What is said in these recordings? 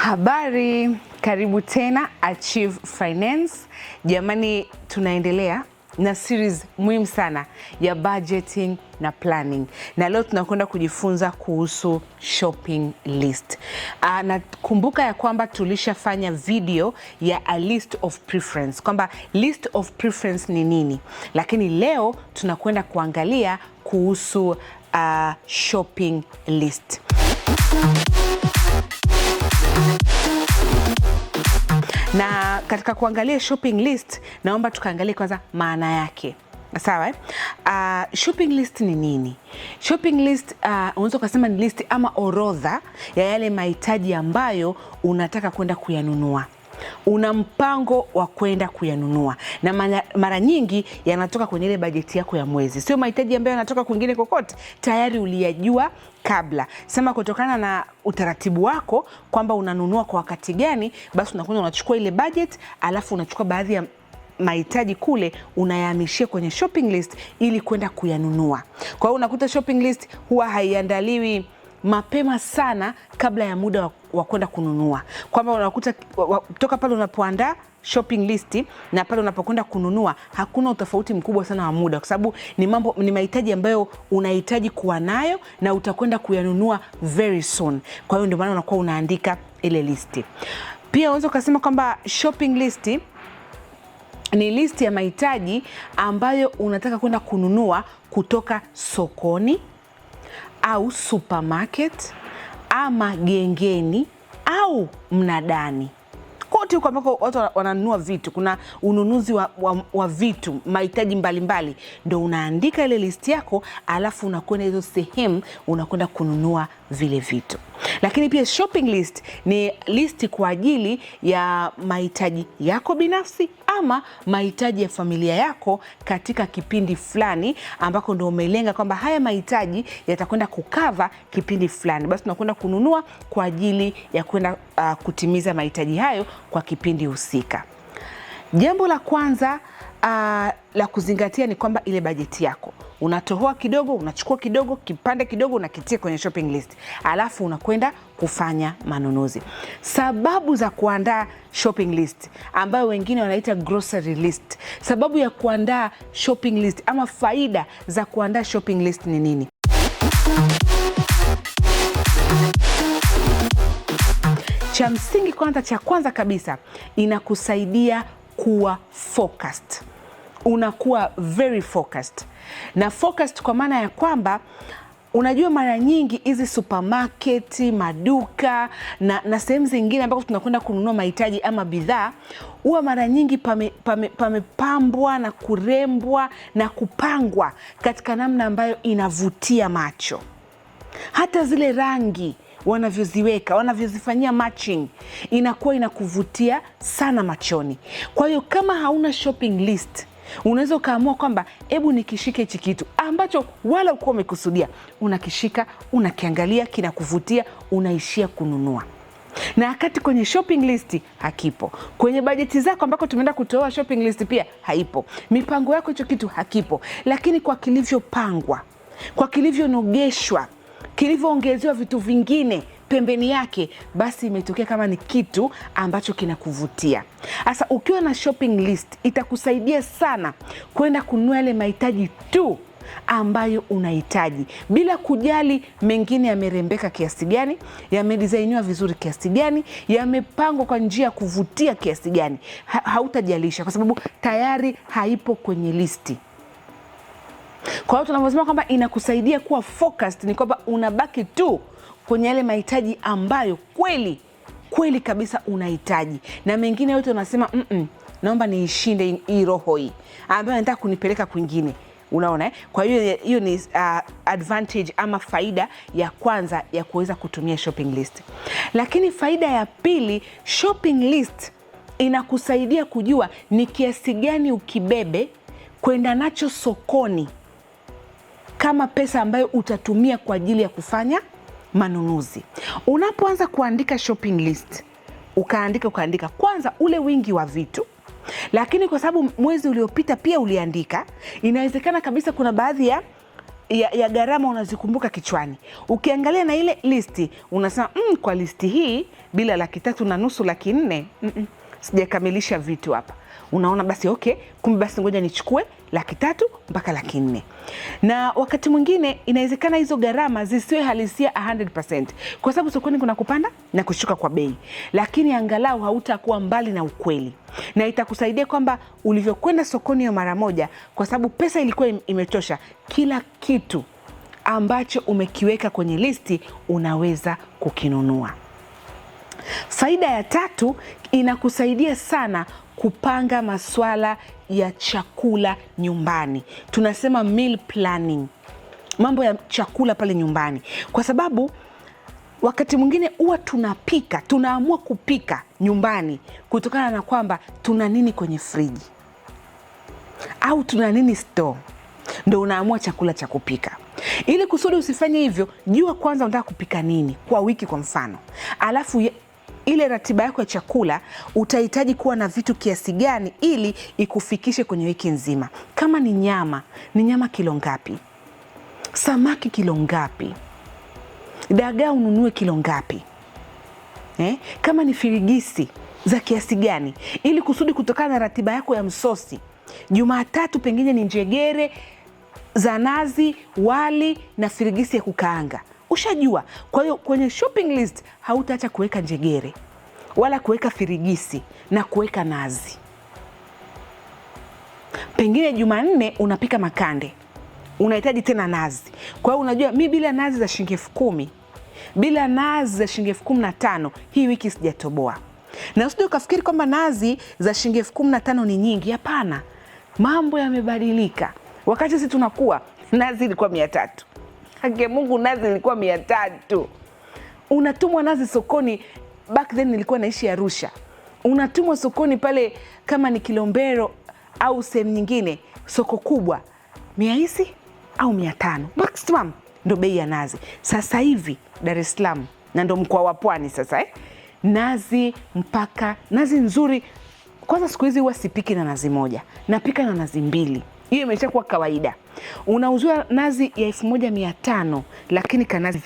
Habari, karibu tena Achieve Finance. Jamani, tunaendelea na series muhimu sana ya budgeting na planning, na leo tunakwenda kujifunza kuhusu shopping list. Uh, nakumbuka ya kwamba tulishafanya video ya a list of preference, kwamba list of preference ni nini, lakini leo tunakwenda kuangalia kuhusu uh, shopping list na katika kuangalia shopping list, naomba tukaangalie kwanza maana yake. Sawa eh? Uh, shopping list ni nini? Shopping list ah, unaweza uh, ukasema ni list ama orodha ya yale mahitaji ambayo unataka kwenda kuyanunua una mpango wa kwenda kuyanunua, na mara nyingi yanatoka kwenye ile bajeti yako ya mwezi, sio mahitaji ambayo yanatoka kwingine kokote, tayari uliyajua kabla. Sema kutokana na utaratibu wako kwamba unanunua kwa wakati gani, basi unakwenda unachukua ile bajeti, alafu unachukua baadhi ya mahitaji kule unayahamishia kwenye shopping list ili kwenda kuyanunua. Kwa hiyo unakuta shopping list huwa haiandaliwi mapema sana kabla ya muda wa, kwenda kununua, kwamba unakuta toka pale unapoandaa shopping list na pale unapokwenda kununua hakuna utofauti mkubwa sana wa muda, kwa sababu ni mambo, ni mahitaji ambayo unahitaji kuwa nayo na utakwenda kuyanunua very soon. Kwa hiyo ndio maana unakuwa unaandika ile listi. Pia unaweza ukasema kwamba shopping list ni listi ya mahitaji ambayo unataka kwenda kununua kutoka sokoni au supermarket ama gengeni au mnadani kote huko ambako watu wananunua vitu, kuna ununuzi wa, wa, wa vitu mahitaji mbalimbali, ndo unaandika ile listi yako, alafu unakwenda hizo sehemu unakwenda kununua vile vitu. Lakini pia shopping list ni listi kwa ajili ya mahitaji yako binafsi ama mahitaji ya familia yako katika kipindi fulani ambako ndo umelenga kwamba haya mahitaji yatakwenda kukava kipindi fulani, basi tunakwenda kununua kwa ajili ya kwenda uh, kutimiza mahitaji hayo kwa kipindi husika. Jambo la kwanza Uh, la kuzingatia ni kwamba ile bajeti yako unatohoa kidogo, unachukua kidogo, kipande kidogo, unakitia kwenye shopping list, alafu unakwenda kufanya manunuzi. Sababu za kuandaa shopping list ambayo wengine wanaita grocery list, sababu ya kuandaa shopping list ama faida za kuandaa shopping list ni nini? Cha msingi kwanza, cha kwanza kabisa, inakusaidia kuwa focused unakuwa very focused. Na focused kwa maana ya kwamba unajua mara nyingi hizi supermarket, maduka na, na sehemu zingine ambako tunakwenda kununua mahitaji ama bidhaa huwa mara nyingi pamepambwa pame, pame na kurembwa na kupangwa katika namna ambayo inavutia macho. Hata zile rangi wanavyoziweka wanavyozifanyia matching inakuwa inakuvutia sana machoni. Kwa hiyo kama hauna shopping list Unaweza ukaamua kwamba hebu nikishike hichi kitu ambacho wala ukuwa umekusudia, unakishika, unakiangalia, kinakuvutia, unaishia kununua na wakati kwenye shopping list hakipo, kwenye bajeti zako ambako tumeenda kutoa shopping list pia haipo, mipango yako hicho kitu hakipo. Lakini kwa kilivyopangwa, kwa kilivyonogeshwa, kilivyoongezewa vitu vingine pembeni yake basi imetokea kama ni kitu ambacho kinakuvutia. Sasa ukiwa na shopping list itakusaidia sana kwenda kununua yale mahitaji tu ambayo unahitaji bila kujali mengine yamerembeka kiasi gani, yamedisainiwa vizuri kiasi gani, yamepangwa kwa njia ya kuvutia kiasi gani. Ha, hautajalisha kwa sababu tayari haipo kwenye listi. Kwa hiyo tunavyosema kwamba inakusaidia kuwa focused, ni kwamba unabaki tu kwenye yale mahitaji ambayo kweli kweli kabisa unahitaji, na mengine yote unasema mm -mm, naomba niishinde hii roho hii ambayo nataka kunipeleka kwingine. Unaona eh? Kwa hiyo hiyo ni uh, advantage ama faida ya kwanza ya kuweza kutumia shopping list. Lakini faida ya pili, shopping list inakusaidia kujua ni kiasi gani ukibebe kwenda nacho sokoni kama pesa ambayo utatumia kwa ajili ya kufanya manunuzi. Unapoanza kuandika shopping list, ukaandika ukaandika, kwanza ule wingi wa vitu lakini kwa sababu mwezi uliopita pia uliandika, inawezekana kabisa kuna baadhi ya, ya, ya gharama unazikumbuka kichwani. Ukiangalia na ile listi unasema mm, kwa listi hii bila laki tatu na nusu laki nne mm -mm, sijakamilisha vitu hapa unaona basi okay, kumbe basi ngoja nichukue laki tatu mpaka laki nne. Na wakati mwingine inawezekana hizo gharama zisiwe halisia 100% kwa sababu sokoni kuna kupanda na kushuka kwa bei, lakini angalau hautakuwa mbali na ukweli na itakusaidia kwamba ulivyokwenda sokoni hiyo mara moja, kwa sababu pesa ilikuwa imetosha, kila kitu ambacho umekiweka kwenye listi unaweza kukinunua. Faida ya tatu inakusaidia sana kupanga maswala ya chakula nyumbani, tunasema meal planning, mambo ya chakula pale nyumbani, kwa sababu wakati mwingine huwa tunapika, tunaamua kupika nyumbani kutokana na kwamba tuna nini kwenye friji au tuna nini store, ndo unaamua chakula cha kupika. Ili kusudi usifanye hivyo, jua kwanza unataka kupika nini kwa wiki, kwa mfano, alafu ile ratiba yako ya chakula utahitaji kuwa na vitu kiasi gani ili ikufikishe kwenye wiki nzima. Kama ni nyama, ni nyama kilo ngapi? Samaki kilo ngapi? Dagaa ununue kilo ngapi? Eh, kama ni firigisi za kiasi gani, ili kusudi kutokana na ratiba yako ya msosi. Jumatatu pengine ni njegere za nazi, wali na firigisi ya kukaanga ushajua. Kwa hiyo kwenye shopping list hautaacha kuweka njegere wala kuweka firigisi na kuweka nazi. Pengine Jumanne unapika makande, unahitaji tena nazi. Kwa hiyo unajua, mi bila nazi za shilingi elfu kumi bila nazi za shilingi elfu kumi na tano hii wiki sijatoboa. Na usije ukafikiri kwamba nazi za shilingi elfu kumi na tano ni nyingi. Hapana, mambo yamebadilika. Wakati sisi tunakuwa nazi ilikuwa mia tatu Mungu, nazi ilikuwa mia tatu. Unatumwa nazi sokoni, back then nilikuwa naishi Arusha, unatumwa sokoni pale kama ni Kilombero au sehemu nyingine, soko kubwa, mia hisi au mia tano maximum ndo bei ya nazi. Sasa hivi Dar es Salaam na ndo mkoa wa Pwani sasa eh? nazi mpaka nazi nzuri. Kwanza siku hizi huwa sipiki na nazi moja, napika na nazi mbili hiyo imeshakuwa kawaida. Unauziwa nazi ya elfu moja mia tano lakini kanazi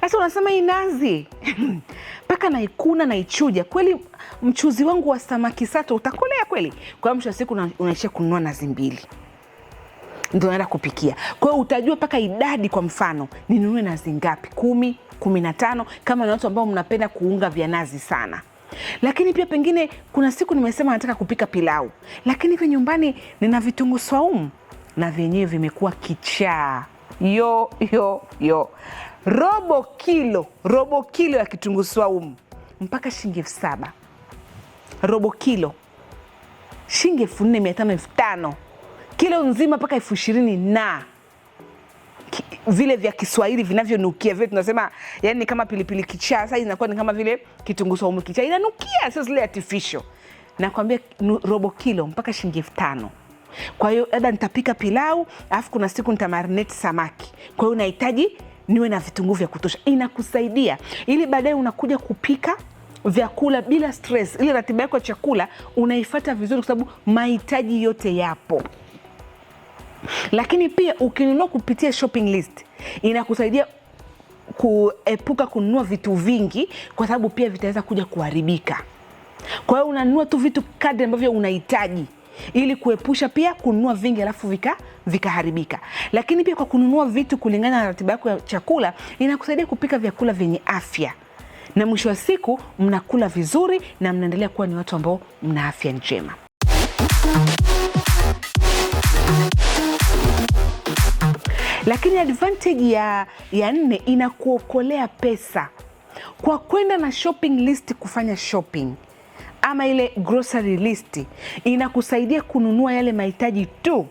sasa unasema hii nazi mpaka naikuna naichuja, kweli mchuzi wangu wa samaki sato utakolea kweli? Kwa mwisho wa siku unaishia kununua nazi mbili ndio naenda kupikia. Kwa hiyo utajua mpaka idadi, kwa mfano ninunue nazi ngapi, kumi, kumi na tano, kama na watu ambao mnapenda kuunga vya nazi sana. Lakini pia pengine kuna siku nimesema nataka kupika pilau, lakini hivyo nyumbani nina vitunguu swaumu na vyenyewe vimekuwa kichaa yo yo yo, robo kilo, robo kilo ya kitunguu swaumu mpaka shilingi elfu saba robo kilo shilingi elfu nne mia tano elfu tano kilo nzima mpaka elfu ishirini na vile vya Kiswahili vinavyonukia vile tunasema, yani kama pilipili kichaa. Sasa inakuwa ni kama vile kitunguu saumu kichaa, inanukia, sio zile artificial. Nakwambia robo kilo mpaka shilingi elfu tano. Kwa hiyo labda nitapika pilau, alafu kuna siku nitamarinate samaki, kwa hiyo unahitaji niwe na vitunguu vya kutosha. Inakusaidia ili baadaye unakuja kupika vyakula bila stress. Ile ratiba yako ya chakula unaifuata vizuri, kwa sababu mahitaji yote yapo. Lakini pia ukinunua kupitia shopping list inakusaidia kuepuka kununua vitu vingi, kwa sababu pia vitaweza kuja kuharibika. Kwa hiyo unanunua tu vitu kadri ambavyo unahitaji ili kuepusha pia kununua vingi alafu vika vikaharibika. Lakini pia kwa kununua vitu kulingana na ratiba yako ya chakula, inakusaidia kupika vyakula vyenye afya, na mwisho wa siku mnakula vizuri na mnaendelea kuwa ni watu ambao mna afya njema. Lakini advantage ya, ya nne inakuokolea pesa kwa kwenda na shopping list kufanya shopping ama ile grocery list inakusaidia kununua yale mahitaji tu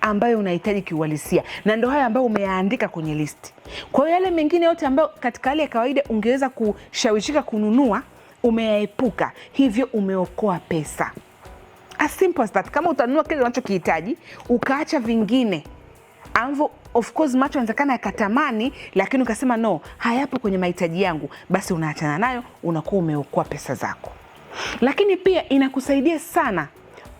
ambayo unahitaji kiuhalisia, na ndo hayo ambayo umeyaandika kwenye listi. Kwa hiyo yale mengine yote ambayo katika hali ya kawaida ungeweza kushawishika kununua umeyaepuka, hivyo umeokoa pesa. As simple as that. Kama utanunua kile unachokihitaji ukaacha vingine ambavyo of course macho yanawezekana yakatamani, lakini ukasema no, hayapo kwenye mahitaji yangu, basi unaachana nayo, unakuwa umeokoa pesa zako. Lakini pia inakusaidia sana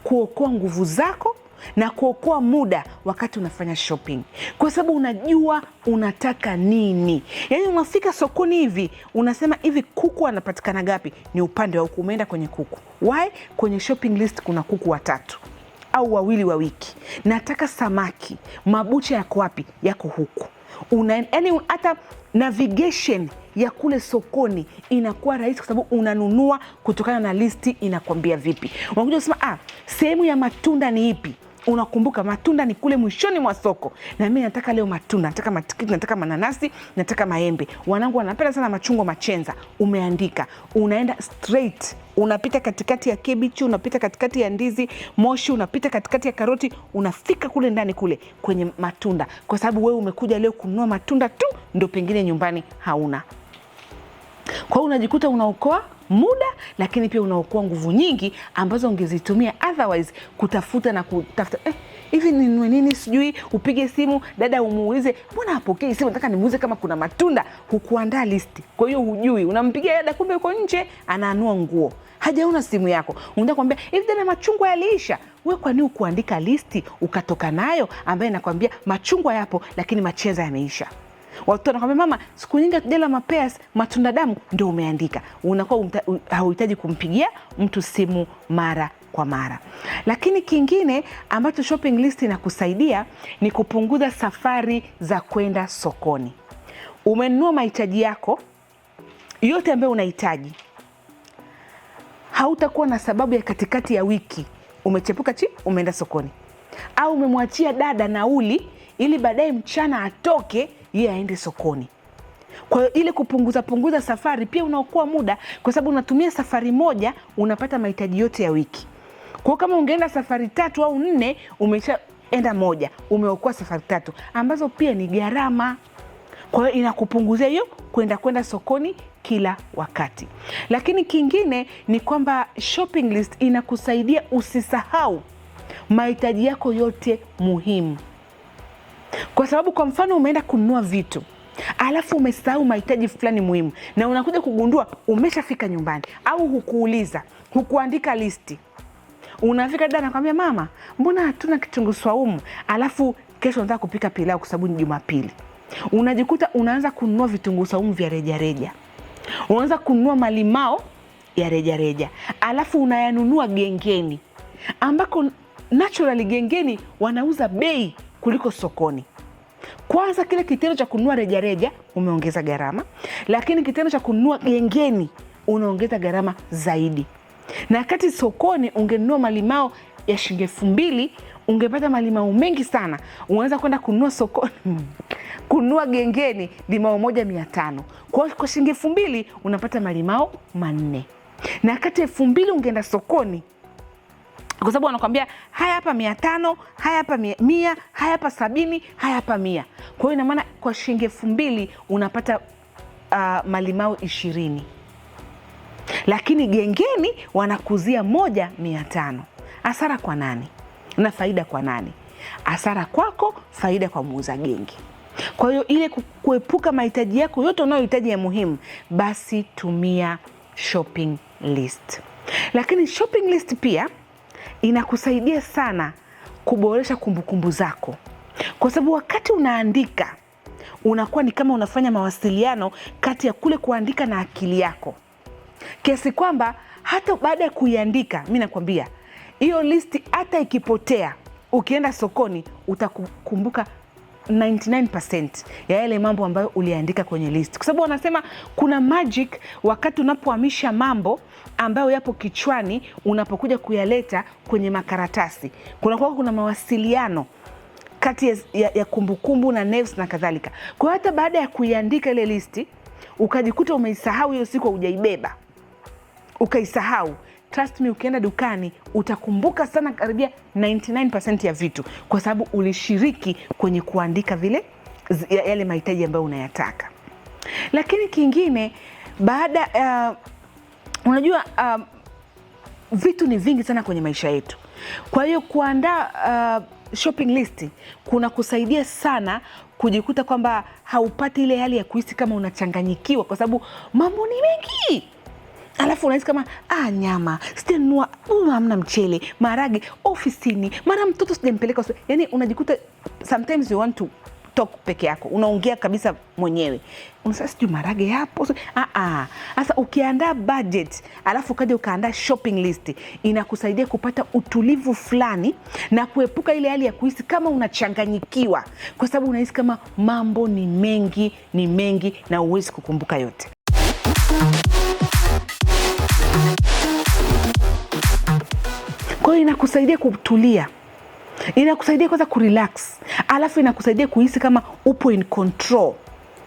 kuokoa nguvu zako na kuokoa muda wakati unafanya shopping, kwa sababu unajua unataka nini. Yaani unafika sokoni hivi unasema hivi, kuku anapatikana gapi? Ni upande wa huku, umeenda kwenye kuku. Why? Kwenye shopping list kuna kuku watatu au wawili wa wiki, nataka samaki. Mabucha yako wapi? Yako huku. yani hata navigation ya kule sokoni inakuwa rahisi, kwa sababu unanunua kutokana na listi inakwambia vipi. Unakuja kusema ah, sehemu ya matunda ni ipi? unakumbuka matunda ni kule mwishoni mwa soko, na mimi nataka leo matunda, nataka matikiti, nataka mananasi, nataka maembe. Wanangu wanapenda sana machungwa, machenza. Umeandika, unaenda straight unapita katikati ya kebichi, unapita katikati ya ndizi moshi, unapita katikati ya karoti, unafika kule ndani kule kwenye matunda, kwa sababu wewe umekuja leo kununua matunda tu, ndo pengine nyumbani hauna. Kwa hiyo unajikuta unaokoa muda, lakini pia unaokoa nguvu nyingi ambazo ungezitumia otherwise kutafuta na kutafuta eh, hivi ninunue nini? Sijui upige simu dada umuulize, mbona apokei simu? Nataka nimuulize kama kuna matunda. Hukuandaa listi, kwa hiyo hujui. Unampigia dada, kumbe uko nje, anaanua nguo, hajaona simu yako. Unataka kuambia hivi, dada, machungwa yaliisha. We, kwa nini ukuandika listi ukatoka nayo ambaye inakwambia machungwa yapo, lakini macheza yameisha? Watoto wanakwambia mama, siku nyingi hatujala mapeas, matunda damu, ndio umeandika. Unakuwa um, hauhitaji kumpigia mtu simu mara kwa mara. Lakini kingine ambacho shopping list inakusaidia ni kupunguza safari za kwenda sokoni. Umenunua mahitaji yako yote ambayo unahitaji, hautakuwa na sababu ya katikati ya wiki umechepuka chi umeenda sokoni, au umemwachia dada nauli ili baadaye mchana atoke yeye aende sokoni. Kwa hiyo ile kupunguza punguza safari pia unaokoa muda, kwa sababu unatumia safari moja unapata mahitaji yote ya wiki. Kwa kama ungeenda safari tatu au nne, umeshaenda moja, umeokoa safari tatu ambazo pia ni gharama. Kwa hiyo inakupunguzia hiyo kwenda kwenda sokoni kila wakati. Lakini kingine ni kwamba shopping list inakusaidia usisahau mahitaji yako yote muhimu. Kwa sababu kwa mfano umeenda kununua vitu alafu umesahau mahitaji fulani muhimu, na unakuja kugundua umeshafika nyumbani, au hukuuliza, hukuandika listi. Unafika dada anakwambia, mama, mbona hatuna kitunguu swaumu? Alafu kesho nataka kupika pilau kwa sababu ni Jumapili. Unajikuta unaanza kununua vitunguu saumu vya rejareja, unaanza kununua malimao ya rejareja, alafu unayanunua gengeni, ambako naturally gengeni wanauza bei kuliko sokoni. Kwanza kile kitendo cha kununua rejareja umeongeza gharama, lakini kitendo cha kununua gengeni unaongeza gharama zaidi, na wakati sokoni ungenunua malimao ya shilingi elfu mbili ungepata malimao mengi sana. Unaweza kwenda kununua sokoni kununua gengeni limao moja mia tano kwa, kwa shilingi elfu mbili unapata malimao manne, na wakati elfu mbili ungeenda sokoni kwa sababu wanakwambia haya hapa mia tano haya hapa mia haya hapa sabini haya hapa mia kwa hiyo ina maana kwa shilingi elfu mbili unapata uh, malimao ishirini lakini gengeni wanakuzia moja mia tano hasara kwa nani na faida kwa nani hasara kwako faida kwa muuza gengi kwa hiyo ile kuepuka mahitaji yako yote unayohitaji ya muhimu basi tumia shopping list lakini shopping list pia inakusaidia sana kuboresha kumbukumbu zako, kwa sababu wakati unaandika unakuwa ni kama unafanya mawasiliano kati ya kule kuandika na akili yako, kiasi kwamba hata baada ya kuiandika, mi nakwambia hiyo listi hata ikipotea, ukienda sokoni utakukumbuka 99% ya yale mambo ambayo uliandika kwenye list, kwa sababu wanasema kuna magic wakati unapohamisha mambo ambayo yapo kichwani, unapokuja kuyaleta kwenye makaratasi, kunakuwa kuna mawasiliano kati ya kumbukumbu kumbu na nerves na kadhalika. Kwa hiyo hata baada ya kuiandika ile listi ukajikuta umeisahau hiyo siku, hujaibeba ukaisahau trust me, ukienda dukani utakumbuka sana karibia 99% ya vitu, kwa sababu ulishiriki kwenye kuandika vile yale mahitaji ambayo unayataka. Lakini kingine baada uh, unajua uh, vitu ni vingi sana kwenye maisha yetu, kwa hiyo kuandaa uh, shopping list kuna kusaidia sana kujikuta kwamba haupati ile hali ya kuhisi kama unachanganyikiwa, kwa sababu mambo ni mengi alafu unahisi kama ah, nyama sijanunua, hamna mchele, maharage ofisini, mara mtoto sijampeleka. Yani unajikuta sometimes you want to talk peke yako, unaongea kabisa mwenyewe, unasema sijui maharage yapo. Sasa ukiandaa budget alafu ukaja ukaandaa shopping list, inakusaidia kupata utulivu fulani na kuepuka ile hali ya kuhisi kama unachanganyikiwa, kwa sababu unahisi kama mambo ni mengi, ni mengi na huwezi kukumbuka yote Kwa hiyo inakusaidia kutulia, inakusaidia kwanza kurelax, alafu inakusaidia kuhisi kama upo in control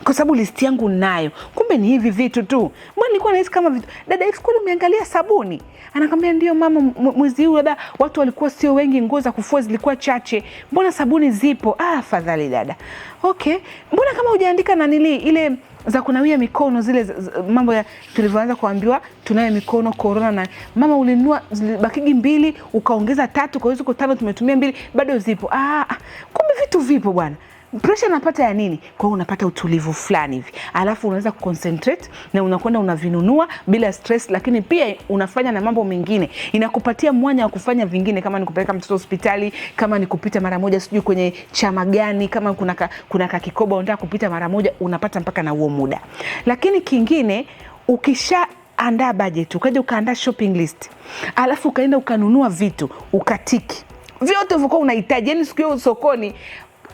kwa sababu listi yangu nayo, kumbe ni hivi vitu tu. Mbona nilikuwa nahisi kama vitu. Dada X, kwani umeangalia sabuni? Anakwambia ndio mama, mwezi huu dada, watu walikuwa sio wengi, nguo za kufua zilikuwa chache, mbona sabuni zipo? Ah, afadhali dada. Okay, mbona kama hujaandika nanili ile za kunawia mikono zile mambo ya tulivyoanza kuambiwa tunawe mikono korona, na mama ulinua bakigi mbili ukaongeza tatu, kwa hiyo ziko tano, tumetumia mbili, bado zipo. Ah, ah. kumbe vitu vipo bwana pressure napata ya nini? Kwa hiyo unapata utulivu fulani hivi, alafu unaweza kuconcentrate na unakwenda unavinunua bila stress, lakini pia unafanya na mambo mengine, inakupatia mwanya wa kufanya vingine, kama ni kupeleka mtoto hospitali, kama ni kupita mara moja sijui kwenye chama gani, kama kuna ka, kuna ka kikoba unataka kupita mara moja, unapata mpaka na huo muda. Lakini kingine ukisha andaa budget ukaja ukaandaa shopping list, alafu ukaenda ukanunua vitu ukatiki vyote ulivyokuwa unahitaji, yani siku hiyo sokoni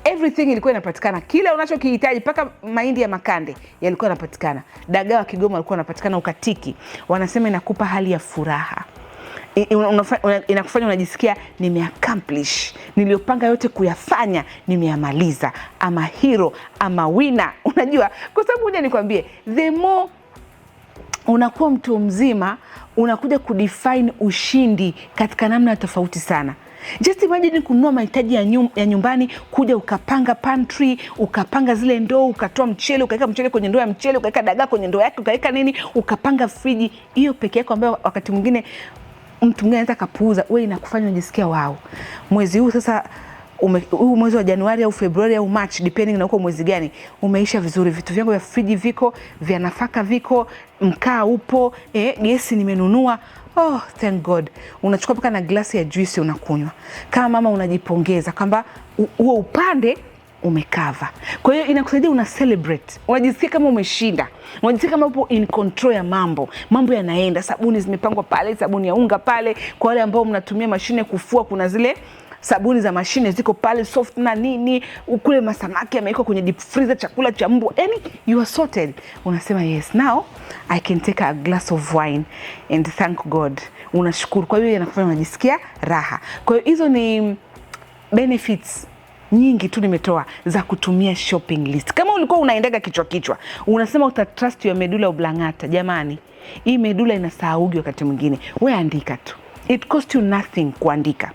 everything ilikuwa inapatikana, kila unachokihitaji, mpaka mahindi ya makande yalikuwa yanapatikana. Dagaa wa Kigoma walikuwa wanapatikana ukatiki, wanasema inakupa hali ya furaha inakufanya unajisikia nimeaccomplish niliyopanga yote kuyafanya, nimeyamaliza, ama hero ama wina. Unajua, kwa sababu huja nikwambie, the more unakuwa mtu mzima unakuja kudefine ushindi katika namna tofauti sana. Just imagine kununua mahitaji ya, nyum, ya nyumbani kuja ukapanga pantry, ukapanga zile ndoo, ukatoa mchele, ukaweka mchele kwenye ndoo ya mchele, ukaweka dagaa kwenye ndoo yake, ukaweka nini, ukapanga friji hiyo peke yako, ambayo wakati mwingine mtu mwingine anaweza kapuuza, wewe inakufanya unajisikia wao, mwezi huu sasa huu mwezi wa Januari au Februari au March depending na uko mwezi gani, umeisha vizuri. Vitu vyangu vya friji viko, vya nafaka viko, mkaa upo, eh, gesi nimenunua. Oh, thank God. Unachukua mpaka na glasi ya juisi unakunywa. Kama mama unajipongeza kwamba huo upande umekava. Kwa hiyo inakusaidia una celebrate. Unajisikia kama umeshinda. Unajisikia kama upo in control ya mambo. Mambo yanaenda, sabuni zimepangwa pale, sabuni ya unga pale. Kwa wale ambao mnatumia mashine kufua kuna zile sabuni za mashine ziko pale soft na nini, kule masamaki yamewekwa kwenye deep freezer, chakula cha mbwa, yani you are sorted. Unasema yes, now I can take a glass of wine and thank God. Unashukuru, kwa hiyo yanakufanya unajisikia raha. Kwa hiyo hizo ni benefits nyingi tu nimetoa za kutumia shopping list. Kama ulikuwa unaendaga kichwa kichwa, unasema uta trust your medulla oblongata. Jamani, hii medulla inasahaugi wakati mwingine, we andika tu, it cost you nothing kuandika.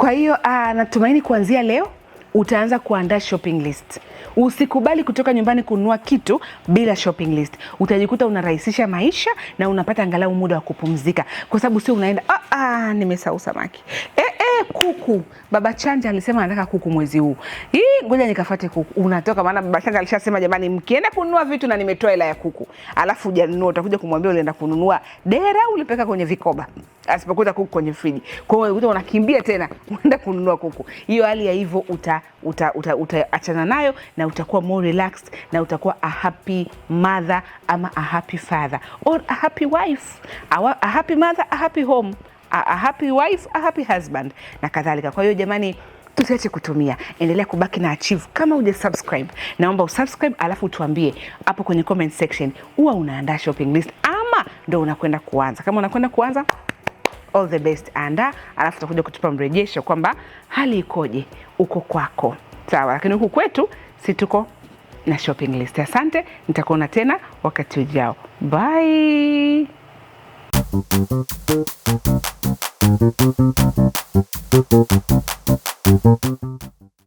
Kwa hiyo uh, natumaini kuanzia leo utaanza kuandaa shopping list. Usikubali kutoka nyumbani kununua kitu bila shopping list. Utajikuta unarahisisha maisha na unapata angalau muda wa kupumzika, kwa sababu sio unaenda ah, ah, nimesahau samaki eh, kuku. Baba Chanja alisema anataka kuku mwezi huu, hii ngoja nikafate kuku. Unatoka maana Baba Chanja alishasema jamani, mkienda kununua vitu na nimetoa hela ya kuku, alafu hujanunua, utakuja kumwambia ulienda kununua dera, ulipeka kwenye vikoba, asipokuta kuku kwenye friji. Kwa hiyo unakimbia tena unaenda kununua kuku. Hiyo hali ya hivyo uta uta uta, uta nayo na utakuwa more relaxed na utakuwa a happy mother ama a happy father or a happy wife, a happy mother, a happy home a, a happy wife, a happy husband na kadhalika. Kwa hiyo jamani tusiache kutumia, endelea kubaki na Achieve. Kama uje subscribe, naomba usubscribe, alafu tuambie hapo kwenye comment section, huwa unaandaa shopping list ama ndo unakwenda kuanza? Kama unakwenda kuanza, all the best, anda alafu utakuja kutupa mrejesho kwamba hali ikoje uko kwako, sawa. Lakini huku kwetu si tuko na shopping list. Asante, nitakuona tena wakati ujao, bye. Thank you.